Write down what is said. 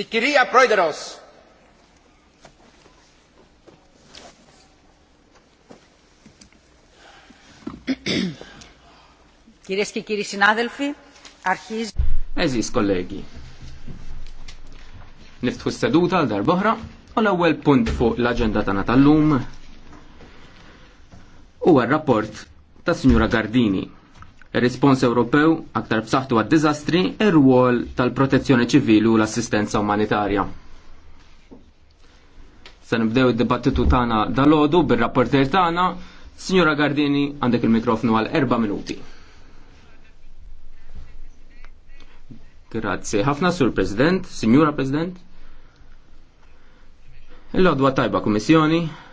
Il-Kirija Projderos. Κυρίες και κύριοι συνάδελφοι, αρχίζει... Eżis kollegi, niftħu s-seduta għal darboħra ουέλ l-ewwel punt fuq l-aġenda tagħna tal-lum huwa r-rapport Gardini Respons Ewropew aktar b'saħħtu għad-diżastri ir-rwol tal-protezzjoni ċivili u l-assistenza umanitarja. Se nibdew id-dibattitu tagħna dalodu bir-rapporter tagħna, Signora Gardini għandek il-mikrofonu għal erba' minuti. Grazzi. Ħafna sur President, Signora President. Il-lodwa tajba Komissjoni,